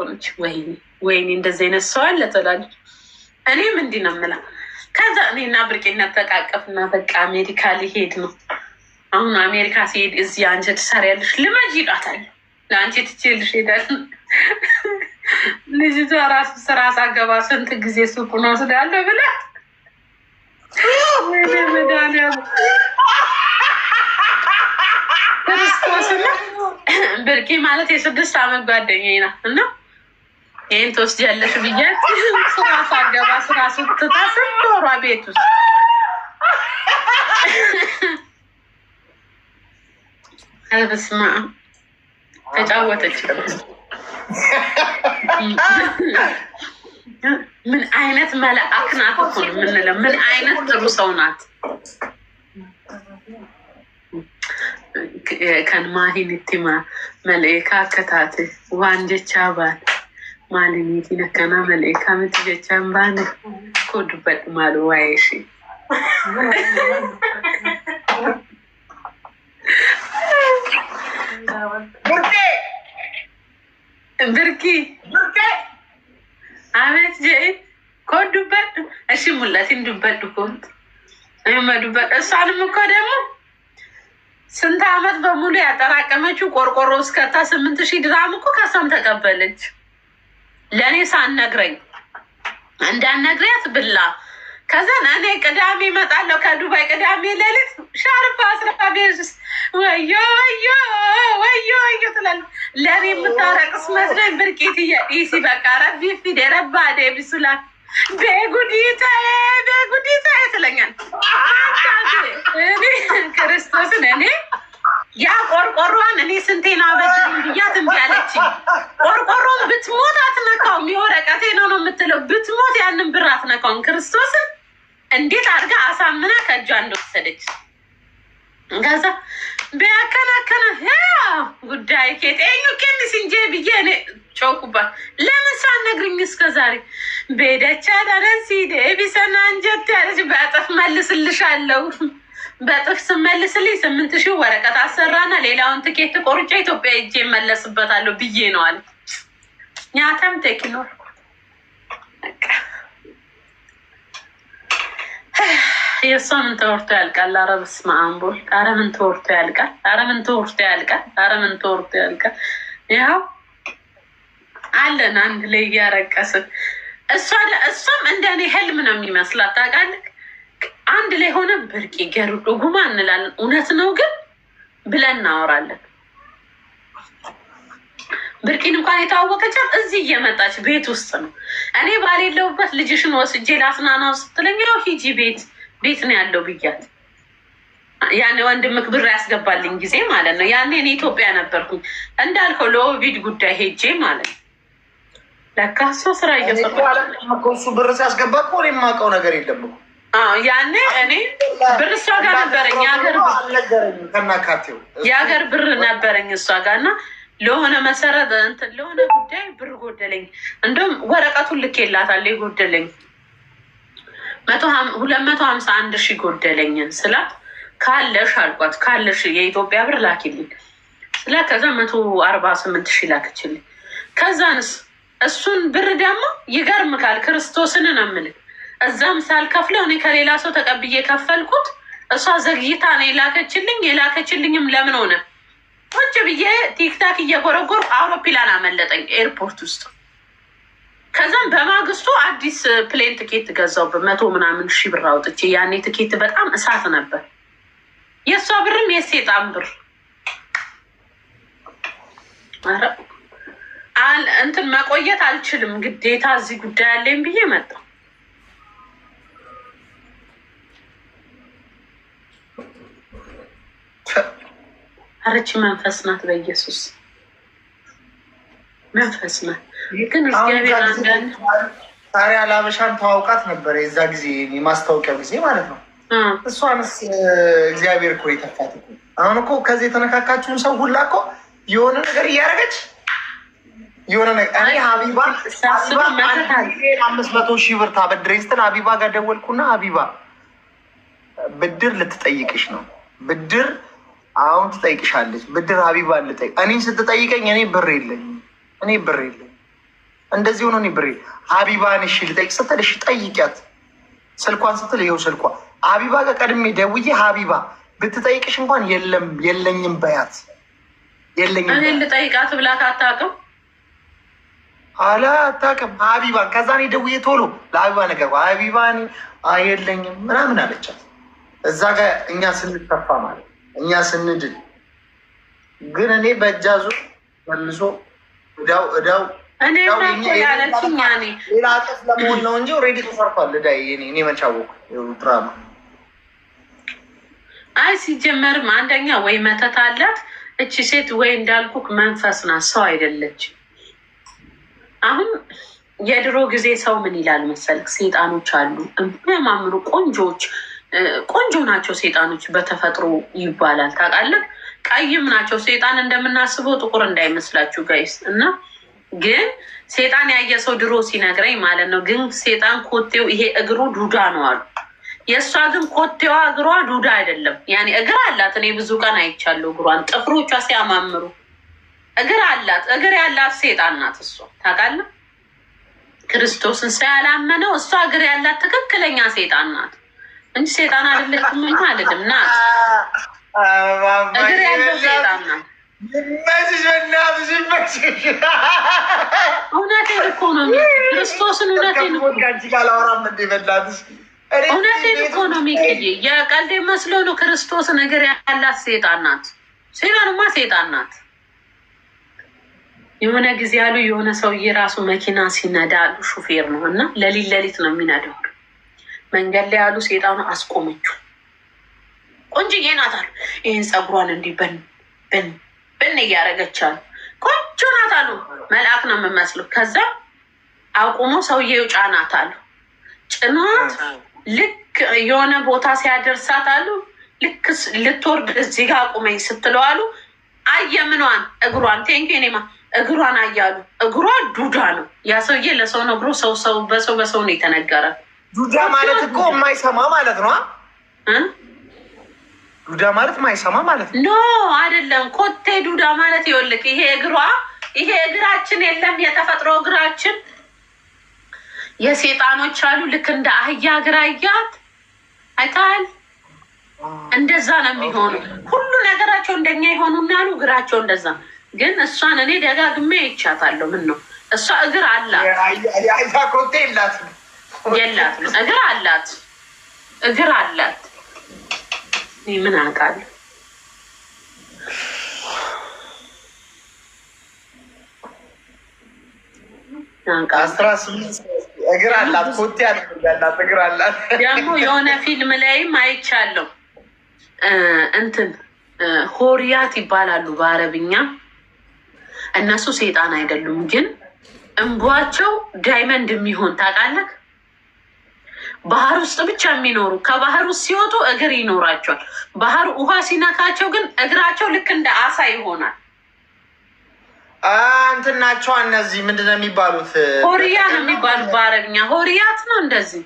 ሆነች። ወይኔ ወይኔ እንደዚህ አይነት ሰው አለ ትላለች። እኔም እንዲህ ነው የምለው። ከዛ እኔና ብርቄ እናተቃቀፍና በቃ አሜሪካ ሊሄድ ነው አሁን አሜሪካ ሲሄድ እዚህ አንቺ ትሰሪያለሽ ልመጅ ይሏታል። ለአንቺ ትችልሽ ሄዳል። ልጅቷ ራሱ ስራ ሳገባ ስንት ጊዜ ሱቁን ስዳለ ብላ ክርስቶስና ብርቄ ማለት የስድስት አመት ጓደኛዬ ናት እና ይህን ትወስጃለሽ ብያት ስራ ሳገባ ስራ ስትታ ስንት ወሯ ቤት ውስጥ አልበስማ ተጫወተች። ምን አይነት መላእክ ናት እኮ ነው የምንለው። ምን አይነት ጥሩ ሰው ናት። ከንማሂን ቲማ መልኤካ ከታት ዋንጀቻ ባል maaliniitiin akkanaa malee akkamitti jechaan baane koo dubbadhu maal waa'ee ishee. Burqee. Birkii. Burqee. Ameet jedhee koo dubbadhu ishii mul'atiin dubbadhu kooti. Amma dubbadhu እሷንም እኮ ደግሞ ስንት አመት በሙሉ ያጠራቀመችው ቆርቆሮ እስከታ ስምንት ሺህ ድራም እኮ ከሷም ተቀበለች። ለእኔ ሳነግረኝ እንዳነግሪያት ብላ ከዛን እኔ ቅዳሜ እመጣለሁ ከዱባይ ቅዳሜ ሌሊት ሻርፓ አስራ ቤዝስ ወዮ ወዮ ወዮ ወዮ ትላል። ለእኔ የምታረቅስ መስለኝ ብርቂት ብርቂትዬ ኢሲ በቃ ረቢ ፊዴ ረባዴ ቢሱላ ቤጉዲታ ቤጉዲታ ትለኛል ክርስቶስን እኔ ያ ቆርቆሯን እኔ ስንቴና በድር ብያት እምቢ አለችኝ። ቆርቆሮን ብትሞት አትነካውም። የወረቀቴ ነው ነው የምትለው። ብትሞት ያንን ብር አትነካውም። ክርስቶስን እንዴት አድርጋ አሳምና ከእጇ እንደወሰደች ከዛ ቢያከናከና ጉዳይ ኬጤኙ ኬንስ እንጂ ብዬ እኔ ጮኩባት። ለምን ሳትነግሪኝ እስከ ዛሬ ቤደቻ ደረሲ ደቢሰና እንጀት ያለች በአጠፍ መልስልሻለሁ በጥፍ ስመልስልኝ ስምንት ሺህ ወረቀት አሰራና ሌላውን ትኬት ቆርጬ ኢትዮጵያ እጄ እመለስበታለሁ ብዬ ነው አለ። ኛተም ቴክኖር የእሷ ምን ተወርቶ ያልቃል? ኧረ በስመ አብ ወልድ። ኧረ ምን ተወርቶ ያልቃል? ኧረ ምን ተወርቶ ያልቃል? ኧረ ምን ተወርቶ ያልቃል? ያው አለን አንድ ላይ እያረቀስን እሷም እንደኔ ህልም ነው የሚመስላት ታውቃለህ አንድ ላይ ሆነ ብርቅ ገሩዶ ጉማ እንላለን። እውነት ነው ግን ብለን እናወራለን። ብርቂን እንኳን የተዋወቀች እዚህ እየመጣች ቤት ውስጥ ነው። እኔ ባሌለውበት ልጅሽን ወስጄ ላስናናው ስትለኝ ያው ሂጂ ቤት ቤት ነው ያለው ብያት ያኔ ወንድምክ ብር ያስገባልኝ ጊዜ ማለት ነው። ያኔ እኔ ኢትዮጵያ ነበርኩኝ እንዳልከው ለኦቪድ ጉዳይ ሄጄ ማለት ነው። ለካ እሷ ስራ እየሰራ እሱ ብር ሲያስገባ እኮ እኔ የማውቀው ነገር የለም እኮ ያኔ እኔ ብር እሷ ጋር ነበረኝ የሀገር ብር ነበረኝ እሷ ጋር እና ለሆነ መሰረት እንትን ለሆነ ጉዳይ ብር ጎደለኝ። እንደውም ወረቀቱን ልኬላታለሁ ጎደለኝ ሁለት መቶ ሀምሳ አንድ ሺህ ጎደለኝን ስላት ካለሽ አልኳት ካለሽ የኢትዮጵያ ብር ላኪልኝ ስላት ከዛ መቶ አርባ ስምንት ሺህ ላክችልኝ። ከዛንስ እሱን ብር ደግሞ ይገርምካል ክርስቶስን ነው የምልህ እዛም ሳልከፍለው እኔ ከሌላ ሰው ተቀብዬ የከፈልኩት እሷ ዘግይታ ነው የላከችልኝ። የላከችልኝም ለምን ሆነ ቁጭ ብዬ ቲክታክ እየጎረጎር አውሮፕላን አመለጠኝ ኤርፖርት ውስጥ። ከዛም በማግስቱ አዲስ ፕሌን ትኬት ገዛው በመቶ ምናምን ሺ ብር አውጥቼ። ያኔ ትኬት በጣም እሳት ነበር። የእሷ ብርም የሴጣን ብር እንትን መቆየት አልችልም፣ ግዴታ እዚህ ጉዳይ አለኝ ብዬ መጣ አረች መንፈስ ናት። በኢየሱስ መንፈስ ናት። ግን እግዚአብሔር አንዳንድ ታሪያ ለአበሻን ተዋውቃት ነበረ። የዛ ጊዜ የማስታወቂያው ጊዜ ማለት ነው። እሷንስ እግዚአብሔር እኮ የተፋት አሁን እኮ ከዚህ የተነካካችውን ሰው ሁላ እኮ የሆነ ነገር እያደረገች የሆነ ነገር ሀቢባ አምስት መቶ ሺህ ብር ታበድረኝ ስትል ሀቢባ ጋር ደወልኩና ሀቢባ ብድር ልትጠይቅሽ ነው ብድር አሁን ትጠይቅሻለች ብድር ሀቢባ ልጠይቅ እኔን ስትጠይቀኝ እኔ ብር የለኝ እኔ ብር የለኝ እንደዚህ ሆኖ እኔ ብር ሀቢባን እሺ ልጠይቅ ስትል እሺ ጠይቂያት ስልኳን ስትል ይኸው ስልኳ ሀቢባ ጋር ቀድሜ ደውዬ ሀቢባ ብትጠይቅሽ እንኳን የለም የለኝም በያት የለኝም እኔ ልጠይቃት ብላት አታውቅም አላ አታውቅም ሀቢባን ከዛ እኔ ደውዬ ቶሎ ለሀቢባ ነገር ሀቢባ የለኝም ምናምን አለቻት እዛ ጋር እኛ ስንተፋ ማለት እኛ ስንድን ግን እኔ በእጃዙ መልሶ እዳው እዳው ሌላ አጥፍ ለመሆን ነው እንጂ ኦልሬዲ ተሰርቷል። እዳ እኔ መቻወቅ ድራማ አይ ሲጀመርም አንደኛ ወይ መተት አላት እቺ ሴት ወይ እንዳልኩክ መንፈስ ናት፣ ሰው አይደለች። አሁን የድሮ ጊዜ ሰው ምን ይላል መሰልክ፣ ሴጣኖች አሉ የሚያማምሩ ቆንጆዎች ቆንጆ ናቸው ሴጣኖች በተፈጥሮ ይባላል ታውቃለህ። ቀይም ናቸው ሴጣን እንደምናስበው ጥቁር እንዳይመስላችሁ ጋይስ። እና ግን ሴጣን ያየ ሰው ድሮ ሲነግረኝ ማለት ነው። ግን ሴጣን ኮቴው ይሄ እግሩ ዱዳ ነው አሉ። የእሷ ግን ኮቴዋ እግሯ ዱዳ አይደለም። ያኔ እግር አላት። እኔ ብዙ ቀን አይቻለሁ እግሯን፣ ጥፍሮቿ ሲያማምሩ እግር አላት። እግር ያላት ሴጣን ናት እሷ ታውቃለህ። ክርስቶስን ሳያላመነው እሷ እግር ያላት ትክክለኛ ሴጣን ናት። እንጂ ሴጣን አይደለችም አልልም። ና እግር ያለው ሴጣን ነው። እውነቴን እኮ ነው። ክርስቶስን እውነቴን እውነቴን እኮ ነው። ሚቅዬ የቀልዴ መስሎ ነው። ክርስቶስ ነገር ያላት ሴጣን ናት። ሴጣንማ ሴጣን ናት። የሆነ ጊዜ ያሉ የሆነ ሰውዬ ራሱ መኪና ሲነዳ ሹፌር ነው እና ለሊት ለሊት ነው የሚነደው መንገድ ላይ ያሉ ሴጣኑ አስቆመችው። ቆንጅዬ ናት አሉ። ይህን ፀጉሯን እንዲህ ብን ብን ብን እያደረገች አሉ። ቆንጆ ናት አሉ። መልአክ ነው የምመስለው። ከዛ አቁሞ ሰውዬው ጫናት አሉ። ጭኗት ልክ የሆነ ቦታ ሲያደርሳት አሉ። ልክ ልትወርድ እዚህ ጋር አቁመኝ ስትለው አሉ። አየ ምኗን እግሯን ቴንኪ ኔማ እግሯን አያሉ። እግሯ ዱዳ ነው። ያ ሰውዬ ለሰው ነግሮ ሰው ሰው በሰው በሰው ነው የተነገረ ዱዳ ማለት እኮ የማይሰማ ማለት ነው። ዱዳ ማለት የማይሰማ ማለት ነው። ኖ አይደለም። ኮቴ ዱዳ ማለት ይኸውልህ፣ ይሄ እግሯ ይሄ እግራችን የለም የተፈጥሮ እግራችን የሴጣኖች አሉ። ልክ እንደ አህያ እግር አያት አይተሃል? እንደዛ ነው የሚሆኑ ሁሉ ነገራቸው እንደኛ የሆኑና አሉ እግራቸው እንደዛ። ግን እሷን እኔ ደጋግሜ ይቻታለሁ። ምን ነው እሷ እግር አላት። ኮቴ የላትም የላትም። እግር አላት እግር አላት። ምን አውቃለሁ። አስራ ስምንት እግር አላት። ኮቴ ያላት እግር አላት። ደግሞ የሆነ ፊልም ላይም አይቻለሁ። እንትን ሆሪያት ይባላሉ በአረብኛ። እነሱ ሴጣን አይደሉም፣ ግን እንቧቸው ዳይመንድ የሚሆን ታውቃለህ ባህር ውስጥ ብቻ የሚኖሩ ከባህር ውስጥ ሲወጡ እግር ይኖራቸዋል። ባህር ውሃ ሲነካቸው ግን እግራቸው ልክ እንደ አሳ ይሆናል። እንትን ናቸው እነዚህ ምንድን ነው የሚባሉት? ሆሪያ ነው የሚባሉት በአረብኛ ሆሪያት ነው እንደዚህ።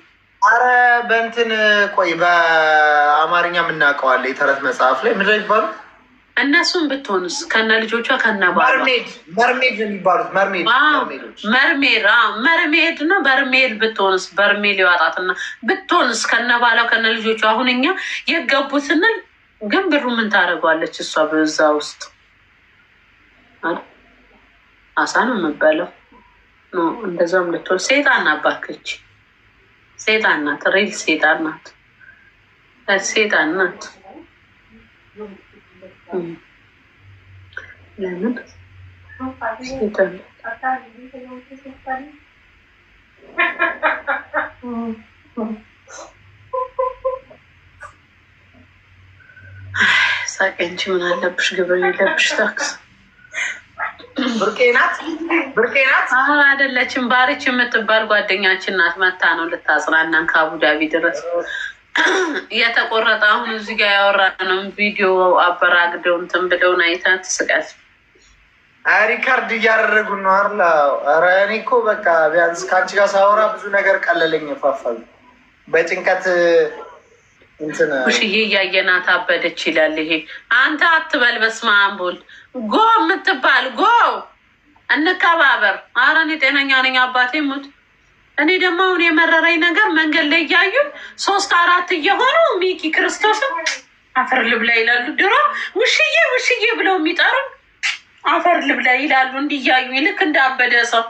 አረ በእንትን ቆይ በአማርኛ የምናውቀዋለን የተረት መጽሐፍ ላይ ምንድን ነው የሚባሉት? እነሱም ብትሆንስ ከነ ልጆቿ ከነ ባርሜድ መርሜድ ነው የሚባሉት መርሜድ መርሜድ መርሜድ ነው በርሜል ብትሆንስ በርሜል ይዋጣትና ብትሆንስ ከነ ባሏ ከነ ልጆቿ አሁን እኛ የገቡ ስንል ግን ብሩ ምን ታደርጓለች እሷ በዛ ውስጥ አሳ ነው የምበለው እንደዛም ልትሆን ሴጣን ናባከች ሴጣን ናት ሬል ሴጣን ናት ሴጣን ናት ለምን ምን አለብሽ? ግብር የለብሽ ታክስ ብርቄናት ናት ብርቄ አይደለችም። ባሪች የምትባል ጓደኛችን ናት። መታ ነው ልታጽናናን ከአቡዳቢ ድረስ የተቆረጠ አሁን እዚህ ጋር ያወራነው ቪዲዮ አበራግደው እንትን ብለውን አይታ ትስቃል። ሪካርድ እያደረጉ ነው አላ ኧረ እኔ እኮ በቃ ቢያንስ ከአንቺ ጋር ሳወራ ብዙ ነገር ቀለለኝ። ፋፋል በጭንቀት ሽዬ እያየናት አበደች ይላል። ይሄ አንተ አትበል። በስመ አብ ጎ የምትባል ጎ እንከባበር። አረ እኔ ጤነኛ ነኝ አባቴ ሙት እኔ ደግሞ አሁን የመረረኝ ነገር መንገድ ላይ እያዩን ሶስት አራት እየሆኑ ሚኪ ክርስቶስም አፈር ልብላ ይላሉ። ድሮ ውሽዬ ውሽዬ ብለው የሚጠሩ አፈር ልብላ ይላሉ። እንዲያዩ ልክ እንዳበደ ሰው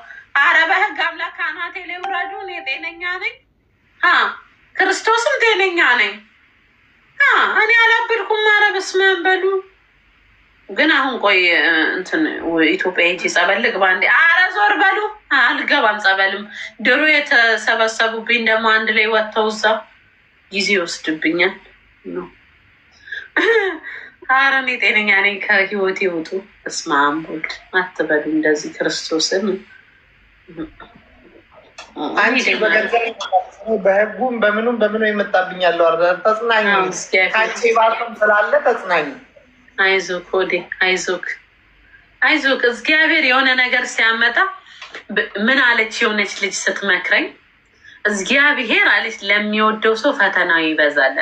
አረ በህግ አምላክ ከአናቴ ላይ ውረዱ። እኔ ጤነኛ ነኝ፣ ክርስቶስም ጤነኛ ነኝ። እኔ አላበድኩም። አረ በስመ አብ በሉ ግን አሁን ቆይ እንትን ኢትዮጵያ ሄጄ ጸበልግ በአንዴ አረ ዞር በሉ አልገባም። ጸበልም ድሮ የተሰበሰቡብኝ ደግሞ አንድ ላይ ወጥተው እዛ ጊዜ ይወስድብኛል። አረ እኔ ጤነኛ ነኝ። ከህይወት ይውጡ። እስማ አንቦድ አትበሉ እንደዚህ ክርስቶስን በህጉም በምኑም በምኑ የመጣብኛለሁ። ተጽናኝ ስላለ ተጽናኝ አይዞክ ሆዴ አይዞክ አይዞክ። እግዚአብሔር የሆነ ነገር ሲያመጣ ምን አለች የሆነች ልጅ ስትመክረኝ እግዚአብሔር አለች ለሚወደው ሰው ፈተናው ይበዛል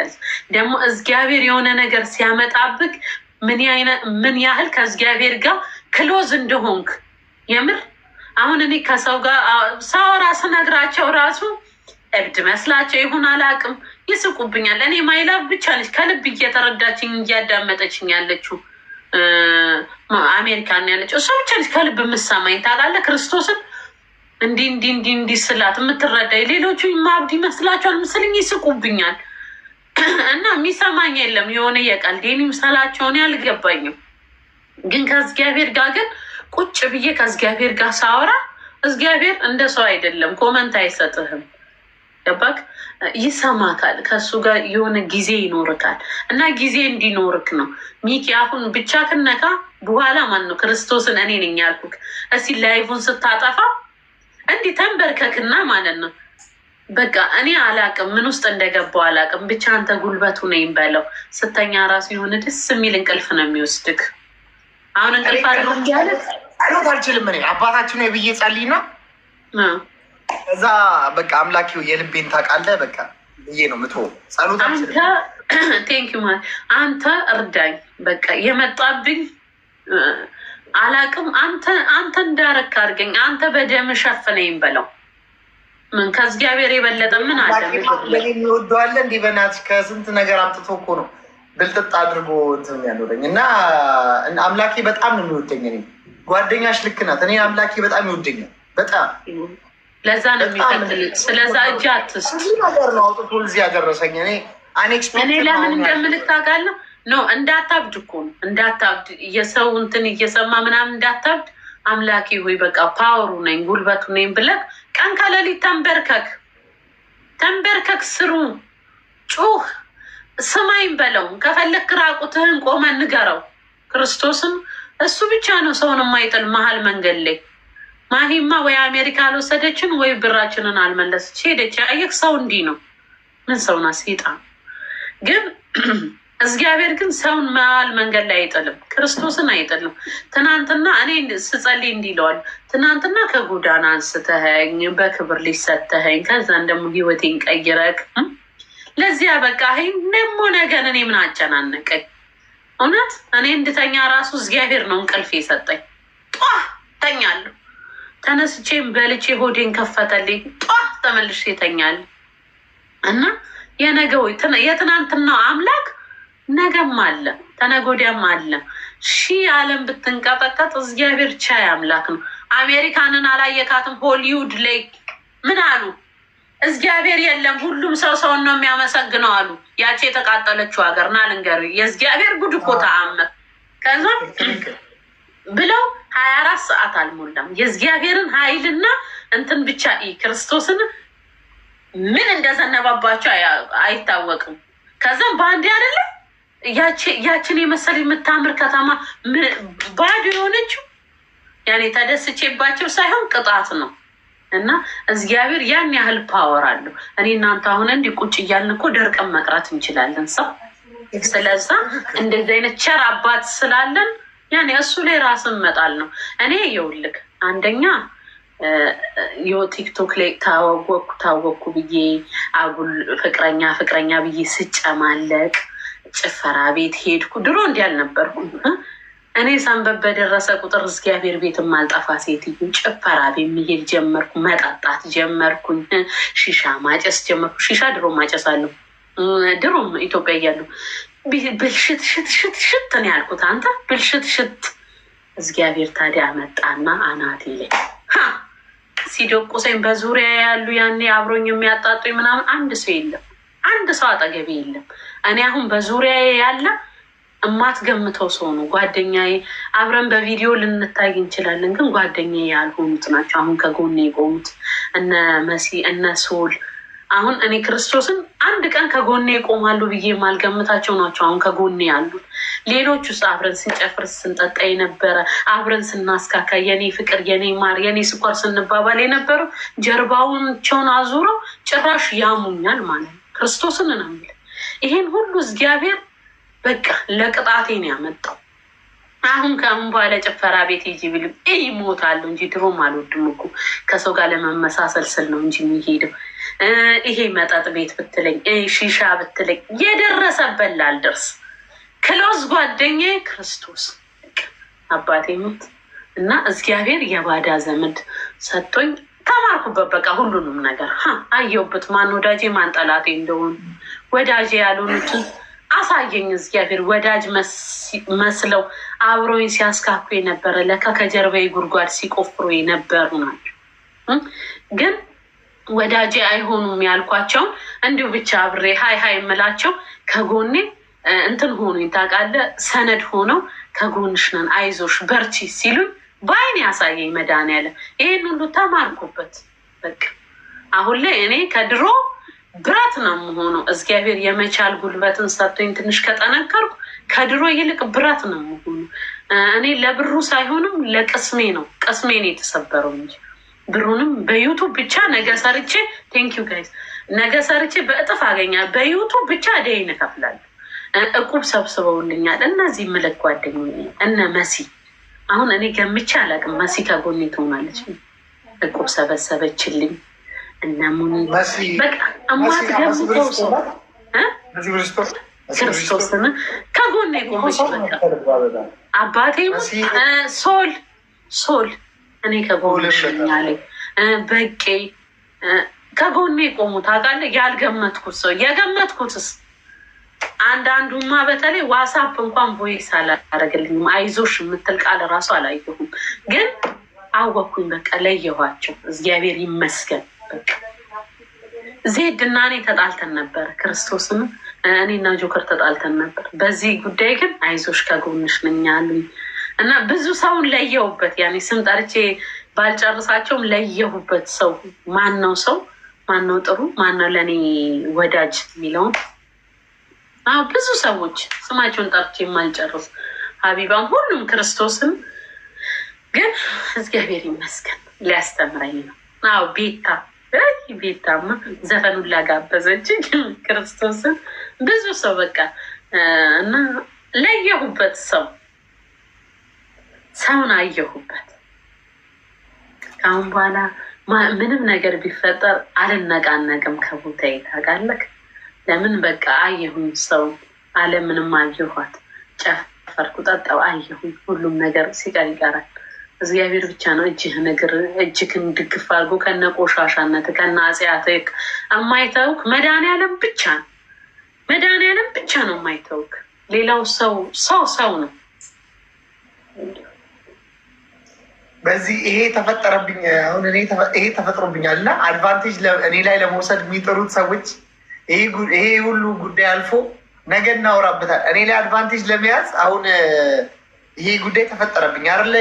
ደግሞ እግዚአብሔር የሆነ ነገር ሲያመጣብክ ምን ያህል ከእግዚአብሔር ጋር ክሎዝ እንደሆንክ የምር አሁን እኔ ከሰው ጋር ሰው ራስ ነግራቸው ራሱ እብድ መስላቸው ይሁን አላውቅም፣ ይስቁብኛል። እኔ ማይላብ ብቻ ነች ከልብ እየተረዳችኝ እያዳመጠችኝ ያለችው አሜሪካን ያለችው እሷ ብቻ ነች ከልብ የምሰማኝ ታውቃለህ። ክርስቶስን እንዲህ እንዲህ እንዲህ እንዲህ ስላት የምትረዳኝ ሌሎቹ ማብድ ይመስላቸዋል ምስልኝ ይስቁብኛል። እና የሚሰማኝ የለም የሆነ የቀልዴን ምሳላቸውን አልገባኝም። ግን ከእግዚአብሔር ጋር ግን ቁጭ ብዬ ከእግዚአብሔር ጋር ሳወራ እግዚአብሔር እንደ ሰው አይደለም፣ ኮመንት አይሰጥህም። ገባክ? ይሰማካል። ከእሱ ጋር የሆነ ጊዜ ይኖርካል እና ጊዜ እንዲኖርክ ነው። ሚኪ አሁን ብቻ ክነካ በኋላ ማን ነው ክርስቶስን እኔ ነኝ ያልኩክ። እስኪ ላይቡን ስታጠፋ እንዲህ ተንበርከክና ማለት ነው በቃ እኔ አላቅም ምን ውስጥ እንደገባው አላቅም። ብቻ አንተ ጉልበቱ ነኝ በለው። ስተኛ ራሱ የሆነ ደስ የሚል እንቅልፍ ነው የሚወስድክ። አሁን እንቅልፍ አልችልም አባታችን ብዬ ነው እዛ በቃ አምላኪ የልቤን ታውቃለህ በቃ ብዬ ነው ምቶ ጸሎት ቴንክ ዩ ማለት አንተ እርዳኝ። በቃ የመጣብኝ አላቅም። አንተ አንተ እንዳረክ አድርገኝ። አንተ በደም ሸፍነኝ በለው። ምን ከእግዚአብሔር የበለጠ ምን አለ? የሚወደዋለ እንዲህ በናት ከስንት ነገር አምጥቶ እኮ ነው ብልጥጥ አድርጎ እንትን ያኖረኝ እና አምላኬ በጣም ነው የሚወደኝ። እኔ ጓደኛሽ ልክ ናት። እኔ አምላኬ በጣም ይወደኛል በጣም ለዛ ነው የሚቀጥልት። ስለዛ እጅ አትስጥ ነገር ነው አውጥቶ እዚህ ያደረሰኝ። እኔ እኔ ለምን እንደምልህ ታውቃለህ? ኖ እንዳታብድ እኮ ነው እንዳታብድ፣ የሰው እንትን እየሰማ ምናምን እንዳታብድ። አምላኬ ሆይ በቃ ፓወሩ ነኝ ጉልበቱ ነኝ ብለህ ቀን ከሌሊት ተንበርከክ ተንበርከክ፣ ስሩ፣ ጩህ፣ ስማኝ በለው። ከፈለክ ራቁትህን ቆመ ንገረው። ክርስቶስም እሱ ብቻ ነው ሰውን የማይጥል መሀል መንገድ ላይ ማሂማ ወይ አሜሪካ አልወሰደችን ወይ ብራችንን አልመለሰች ሄደች። ያየህ ሰው እንዲህ ነው። ምን ሰውና ሴጣ ግን እግዚአብሔር ግን ሰውን መዋል መንገድ ላይ አይጥልም፣ ክርስቶስን አይጥልም። ትናንትና እኔ ስጸልይ እንዲህ ይለዋል። ትናንትና ከጎዳና አንስተኸኝ በክብር ሊሰተኸኝ ከዛን ደግሞ ህይወቴን ቀይረክ ለዚያ በቃ በቃኸኝ። ደግሞ ነገን እኔ ምን አጨናነቀኝ? እውነት እኔ እንድተኛ ራሱ እግዚአብሔር ነው እንቅልፍ የሰጠኝ። ጧ ተኛለሁ ተነስቼ በልቼ ሆዴን ከፈተልኝ። ጧት ተመልሼ ይተኛል እና የነገው የትናንትናው አምላክ ነገም አለ ተነጎዲያም አለ። ሺህ ዓለም ብትንቀጠቀጥ እግዚአብሔር ቻይ አምላክ ነው። አሜሪካንን አላየካትም? ሆሊውድ ላይ ምን አሉ? እግዚአብሔር የለም ሁሉም ሰው ሰውን ነው የሚያመሰግነው አሉ። ያቺ የተቃጠለችው ሀገር ና ልንገር፣ የእግዚአብሔር ጉድ እኮ ተአምር ከዛ ብለው ሀያ አራት ሰዓት አልሞላም። የእግዚአብሔርን ኃይልና እንትን ብቻ ክርስቶስን ምን እንደዘነባባቸው አይታወቅም። ከዛም በአንዴ አይደለ ያችን የመሰል የምታምር ከተማ ባዶ የሆነችው ያኔ ተደስቼባቸው ሳይሆን ቅጣት ነው። እና እግዚአብሔር ያን ያህል ፓወር አለው። እኔ እናንተ አሁን እንዲህ ቁጭ እያልን እኮ ደርቀን መቅረት እንችላለን። ሰው ስለዛ እንደዚህ አይነት ቸር አባት ስላለን ያኔ እሱ ላይ ራስን መጣል ነው። እኔ የውልክ አንደኛ የቲክቶክ ላይ ታወቅኩ ታወቅኩ ብዬ አጉል ፍቅረኛ ፍቅረኛ ብዬ ስጨማለቅ ጭፈራ ቤት ሄድኩ። ድሮ እንዲህ አልነበርኩ። እኔ ሰንበት በደረሰ ቁጥር እግዚአብሔር ቤት ማልጠፋ ሴትዮ ጭፈራ ቤት መሄድ ጀመርኩ። መጠጣት ጀመርኩኝ። ሺሻ ማጨስ ጀመርኩ። ሺሻ ድሮ ማጨስ አለሁ። ድሮም ኢትዮጵያ እያለሁ ብልሽት ሽት ሽት ሽት ነው ያልኩት። አንተ ብልሽት ሽት እግዚአብሔር ታዲያ መጣና አናቴ ላይ ሲደቁሰኝ በዙሪያ ያሉ ያኔ አብሮኝ የሚያጣጡኝ ምናምን አንድ ሰው የለም፣ አንድ ሰው አጠገቤ የለም። እኔ አሁን በዙሪያ ያለ እማትገምተው ሰው ነው ጓደኛዬ። አብረን በቪዲዮ ልንታይ እንችላለን፣ ግን ጓደኛዬ ያልሆኑት ናቸው አሁን ከጎኔ የቆሙት እነ መሲ እነ ሶል አሁን እኔ ክርስቶስን አንድ ቀን ከጎኔ ይቆማሉ ብዬ የማልገምታቸው ናቸው። አሁን ከጎኔ ያሉት ሌሎች ውስጥ አብረን ስንጨፍር ስንጠጣ የነበረ አብረን ስናስካካ የኔ ፍቅር፣ የኔ ማር፣ የኔ ስኳር ስንባባል የነበረው ጀርባቸውን አዙረው ጭራሽ ያሙኛል ማለት ነው። ክርስቶስን ነው ይሄን ሁሉ እግዚአብሔር በቃ ለቅጣቴ ነው ያመጣው። አሁን ከአሁን በኋላ ጭፈራ ቤት ሂጂ ቢልም ይሞታለሁ እንጂ ድሮም አልወድም እኮ ከሰው ጋር ለመመሳሰል ስል ነው እንጂ የሚሄደው። ይሄ መጠጥ ቤት ብትለኝ፣ ሺሻ ብትለኝ የደረሰበት ላልደርስ ክሎዝ ጓደኛ ክርስቶስ አባቴ ሞት እና እግዚአብሔር የባዳ ዘመድ ሰጥቶኝ ተማርኩበት። በቃ ሁሉንም ነገር አየሁበት፣ ማን ወዳጄ ማን ጠላቴ እንደሆኑ ወዳጄ ያልሆኑትን አሳየኝ እግዚአብሔር ወዳጅ መስለው አብሮኝ ሲያስካኩ የነበረ ለካ ከጀርባዬ ጉድጓድ ሲቆፍሩ የነበሩ ናቸው። ግን ወዳጄ አይሆኑም ያልኳቸውን እንዲሁ ብቻ አብሬ ሀይ ሀይ የምላቸው ከጎኔ እንትን ሆኑኝ ታውቃለህ፣ ሰነድ ሆነው ከጎንሽ ነን፣ አይዞሽ፣ በርቺ ሲሉኝ በአይን ያሳየኝ መድኃኒዓለም። ይሄን ሁሉ ተማርኩበት። በቃ አሁን ላይ እኔ ከድሮ ብረት ነው የምሆነው። እግዚአብሔር የመቻል ጉልበትን ሰጥቶኝ ትንሽ ከጠነከርኩ ከድሮ ይልቅ ብረት ነው የምሆኑ። እኔ ለብሩ ሳይሆንም ለቅስሜ ነው ቅስሜ ነው የተሰበረው እንጂ ብሩንም በዩቱብ ብቻ ነገ ሰርቼ ቴንክ ዩ ነገ ሰርቼ በእጥፍ አገኛል። በዩቱብ ብቻ እዳዬን እከፍላለሁ። እቁብ ሰብስበውልኛል እነዚህ ምልክ ጓደኝ እነ መሲ። አሁን እኔ ገምቼ አላውቅም፣ መሲ ከጎኔ ትሆናለች። እቁብ ሰበሰበችልኝ። እና ሙኒ በቃ ክርስቶስን ከጎን የቆመች አባቴ ሶል ሶል እኔ ከጎንሽ አለኝ በቄ ከጎኔ የቆሙ ታውቃለህ። ያልገመትኩት ሰው የገመትኩትስ አንዳንዱማ በተለይ ዋሳፕ እንኳን ቮይስ አላደረግልኝም። አይዞሽ የምትል ቃል እራሱ አላየሁም፣ ግን አወኩኝ። በቃ ለየኋቸው። እግዚአብሔር ይመስገን። ዜድ እና እኔ ተጣልተን ነበር። ክርስቶስን እኔና ጆከር ተጣልተን ነበር። በዚህ ጉዳይ ግን አይዞሽ ከጎንሽ ነኝ እና ብዙ ሰውን ለየሁበት። ያኔ ስም ጠርቼ ባልጨርሳቸውም ለየሁበት። ሰው ማነው ሰው ማነው ጥሩ ነው? ለእኔ ወዳጅ የሚለውን ብዙ ሰዎች ስማቸውን ጠርቼ የማልጨርስ ሀቢባም፣ ሁሉም ክርስቶስም ግን እግዚአብሔር ይመስገን ሊያስተምረኝ ነው። አዎ ቤታ ቤታማ ዘፈኑን ላጋበዘች ክርስቶስን ብዙ ሰው በቃ እና ለየሁበት ሰው ሰውን አየሁበት። ከአሁን በኋላ ምንም ነገር ቢፈጠር አልነቃነቅም ከቦታ ይታጋለክ። ለምን በቃ አየሁኝ፣ ሰው አለምንም አየኋት፣ ጨፈርኩ፣ ጠጠው አየሁኝ። ሁሉም ነገር ሲቀር ይቀራል። እግዚአብሔር ብቻ ነው እጅህ ነገር እጅህን ድግፍ አድርጎ ከነ ቆሻሻነት ከነ አጽያትክ የማይተውክ መድኃኒዓለም ብቻ ነው። መድኃኒዓለም ብቻ ነው የማይተውክ። ሌላው ሰው ሰው ሰው ነው። በዚህ ይሄ ተፈጠረብኝ አሁን ይሄ ተፈጥሮብኛል እና አድቫንቴጅ እኔ ላይ ለመውሰድ የሚጥሩት ሰዎች ይሄ ሁሉ ጉዳይ አልፎ ነገ እናወራበታል። እኔ ላይ አድቫንቴጅ ለመያዝ አሁን ይህ ጉዳይ ተፈጠረብኝ አለ።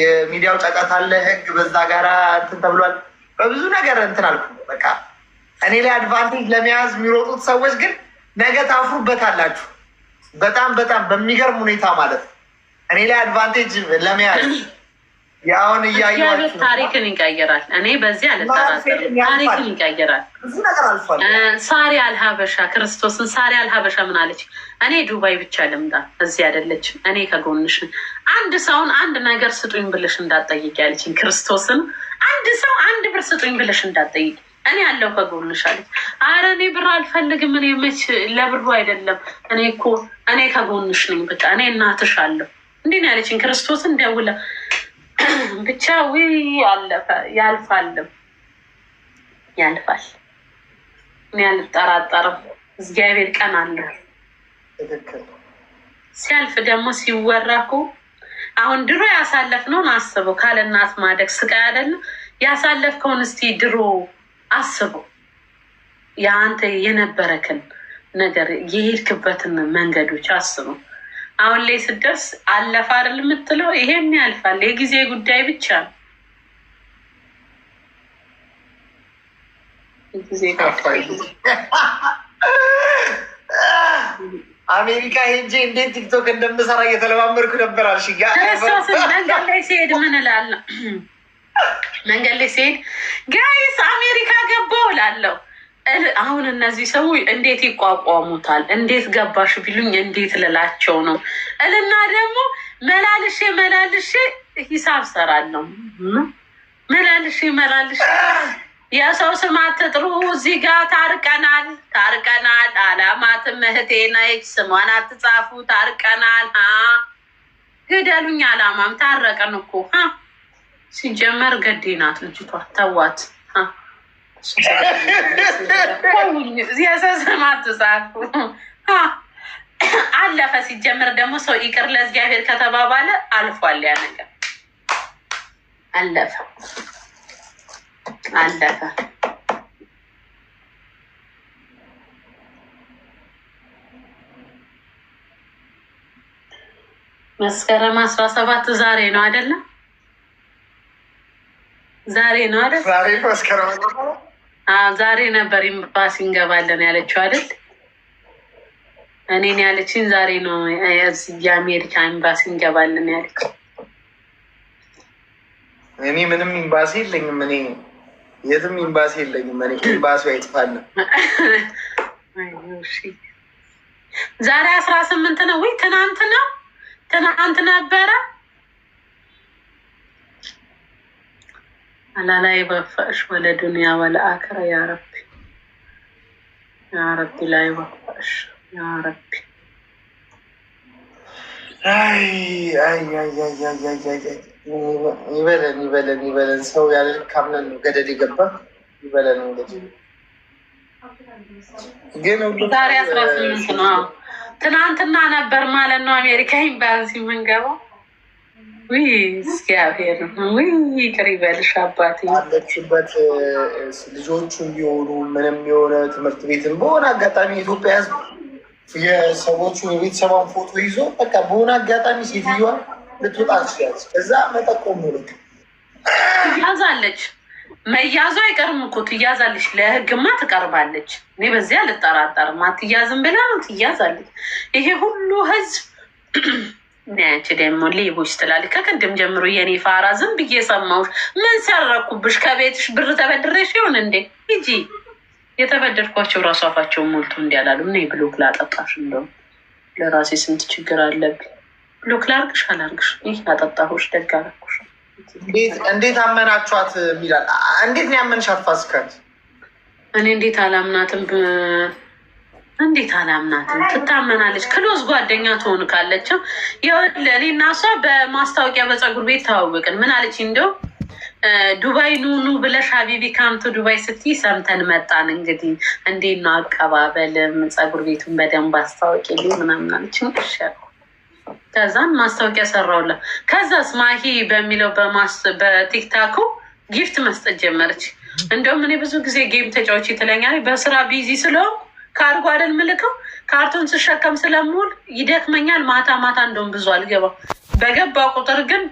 የሚዲያው ጫጫታ አለ፣ ህግ በዛ ጋራ እንትን ተብሏል። በብዙ ነገር እንትን አልኩ። በቃ እኔ ላይ አድቫንቴጅ ለመያዝ የሚሮጡት ሰዎች ግን ነገ ታፍሩበት አላችሁ። በጣም በጣም በሚገርም ሁኔታ ማለት ነው። እኔ ላይ አድቫንቴጅ ለመያዝ የአሁን እያየሁት ታሪክን ይቀይራል። እኔ በዚህ አልጠራጠርም። ታሪክን ይቀይራል። ሳሪ አልሀበሻ ክርስቶስን ሳሪ አልሀበሻ ምን አለች? እኔ ዱባይ ብቻ ልምጣ፣ እዚህ አይደለችም። እኔ ከጎንሽ አንድ ሰውን አንድ ነገር ስጡኝ ብልሽ እንዳትጠይቂ ያለችኝ ክርስቶስን፣ አንድ ሰው አንድ ብር ስጡኝ ብልሽ እንዳትጠይቂ እኔ ያለው ከጎንሽ አለች። አረ እኔ ብር አልፈልግም። እኔ መች ለብሩ አይደለም። እኔ እኮ እኔ ከጎንሽ ነኝ፣ በቃ እኔ እናትሽ አለሁ። እንዲህ ነው ያለችኝ ክርስቶስን ደውላ ብቻ። ውይ አለፈ፣ ያልፋልም ያልፋል። እኔ አልጠራጠርም። እግዚአብሔር ቀን አለ። ሲያልፍ ደግሞ ሲወራ እኮ አሁን ድሮ ያሳለፍነውን አስበው፣ ካለ እናት ማደግ ስቃይ አይደለም። ያሳለፍከውን እስቲ ድሮ አስበው፣ የአንተ የነበረክን ነገር የሄድክበትን መንገዶች አስበው። አሁን ላይ ስደርስ አለፈ አይደል የምትለው፣ ይሄም ያልፋል፣ የጊዜ ጉዳይ ብቻ ነው። አሜሪካ ሄጄ እንዴት ቲክቶክ እንደምሰራ እየተለማመርኩ ነበር አልሽ። መንገድ ላይ ሲሄድ ምን እላለሁ? መንገድ ላይ ሲሄድ ጋይስ አሜሪካ ገባው እላለሁ። አሁን እነዚህ ሰዎች እንዴት ይቋቋሙታል? እንዴት ገባሽ ቢሉኝ እንዴት ልላቸው ነው? እልና ደግሞ መላልሼ መላልሼ ሂሳብ ሰራለሁ። መላልሼ መላልሼ የሰው ስም አትጥሩ። እዚህ ጋር ታርቀናል ታርቀናል። አላማትም እህቴ ነች። ስሟን አትጻፉ። ታርቀናል። ግደሉኝ። አላማም ታረቀን እኮ ሲጀመር ገዴ ናት ልጅቷ። ተዋት። የሰው ስም አትጻፉ። አለፈ። ሲጀመር ደግሞ ሰው ይቅር ለእግዚአብሔር ከተባባለ አልፏል። ያ ነገር አለፈ። አለፈ። መስከረም አስራ ሰባት ዛሬ ነው አይደለም? ዛሬ ነው አይደል? ዛሬ ነበር ኤምባሲ እንገባለን ያለችው አይደል? እኔን ያለችን ዛሬ ነው የአሜሪካ ኤምባሲ እንገባለን ያለችው። እኔ ምንም ኤምባሲ የለኝም እኔ የትም ኤምባሲ የለኝም። እኔ ኤምባሲ አይጥፋልም። ዛሬ አስራ ስምንት ነው ወይ ትናንት ነው? ትናንት ነበረ አላላይ በፋሽ ወለ ዱንያ ወለ አክራ ያረቢ ያረቢ ላይ በፈእሽ ያረቢ አይ አይ አይ አይ አይ አይ ይበለን ይበለን ይበለን። ሰው ያለ ልክ አምነን ነው ገደል የገባ። ይበለን እንግዲህ ግን ዛሬ አስራ ስምንት ነው። ትናንትና ነበር ማለት ነው አሜሪካ ኤምባሲ የምንገባው። እግዚአብሔር ቅር ይበልሽ አባት አለችበት። ልጆቹ እንዲሆኑ ምንም የሆነ ትምህርት ቤትን በሆነ አጋጣሚ ኢትዮጵያ ሕዝብ የሰዎቹ የቤተሰቧን ፎቶ ይዞ በቃ በሆነ አጋጣሚ ሴትዮዋል ልትወጣ ሲያዝ እዛ መጠቆሙ ልክ ትያዛለች። መያዙ አይቀርም እኮ ትያዛለች። ለህግማ ትቀርባለች። እኔ በዚያ አልጠራጠርም። አትያዝም ብላ ነው ትያዛለች። ይሄ ሁሉ ህዝብ ነች ደግሞ ሌቦች ትላለች። ከቅድም ጀምሮ የኔ ፋራ ዝም ብዬ ሰማሁሽ። ምን ሰረኩብሽ? ከቤትሽ ብር ተበድረሽ ይሆን እንዴ? ሂጂ የተበደድኳቸው ራሱ አፋቸውን ሞልቶ እንዲያላሉ እና የብሎክ ላጠጣሽ እንደውም ለራሴ ስንት ችግር አለብኝ ሎክ ላርግሽ አላርግሽ፣ ይህ አጠጣሁሽ፣ ደግ አረኩሽ፣ እንዴት አመናችኋት እንዴት እኔ እንዴት አላምናትም፣ እንዴት አላምናትም። ትታመናለች። ክሎዝ ጓደኛ ትሆን ካለችም ይኸውልህ፣ እኔ እና እሷ በማስታወቂያ በፀጉር ቤት ተዋወቅን። ምን አለች እንደው ዱባይ ኑኑ ብለሽ ሀቢቢ ካምቱ ዱባይ ስትይ ሰምተን መጣን። እንግዲህ እንዴት ነው አቀባበልም? ፀጉር ቤቱን በደንብ አስታወቂልኝ ምናምን አለችኝ። ከዛም ማስታወቂያ ሰራውላ። ከዛስ ማሂ በሚለው በቲክታኩ ጊፍት መስጠት ጀመረች። እንደውም እኔ ብዙ ጊዜ ጌም ተጫዎች የተለኛ በስራ ቢዚ ስለሆን ከአርጎ አይደል ምልከው ካርቶን ስሸከም ስለምውል ይደክመኛል። ማታ ማታ እንደውም ብዙ አልገባም። በገባ ቁጥር ግን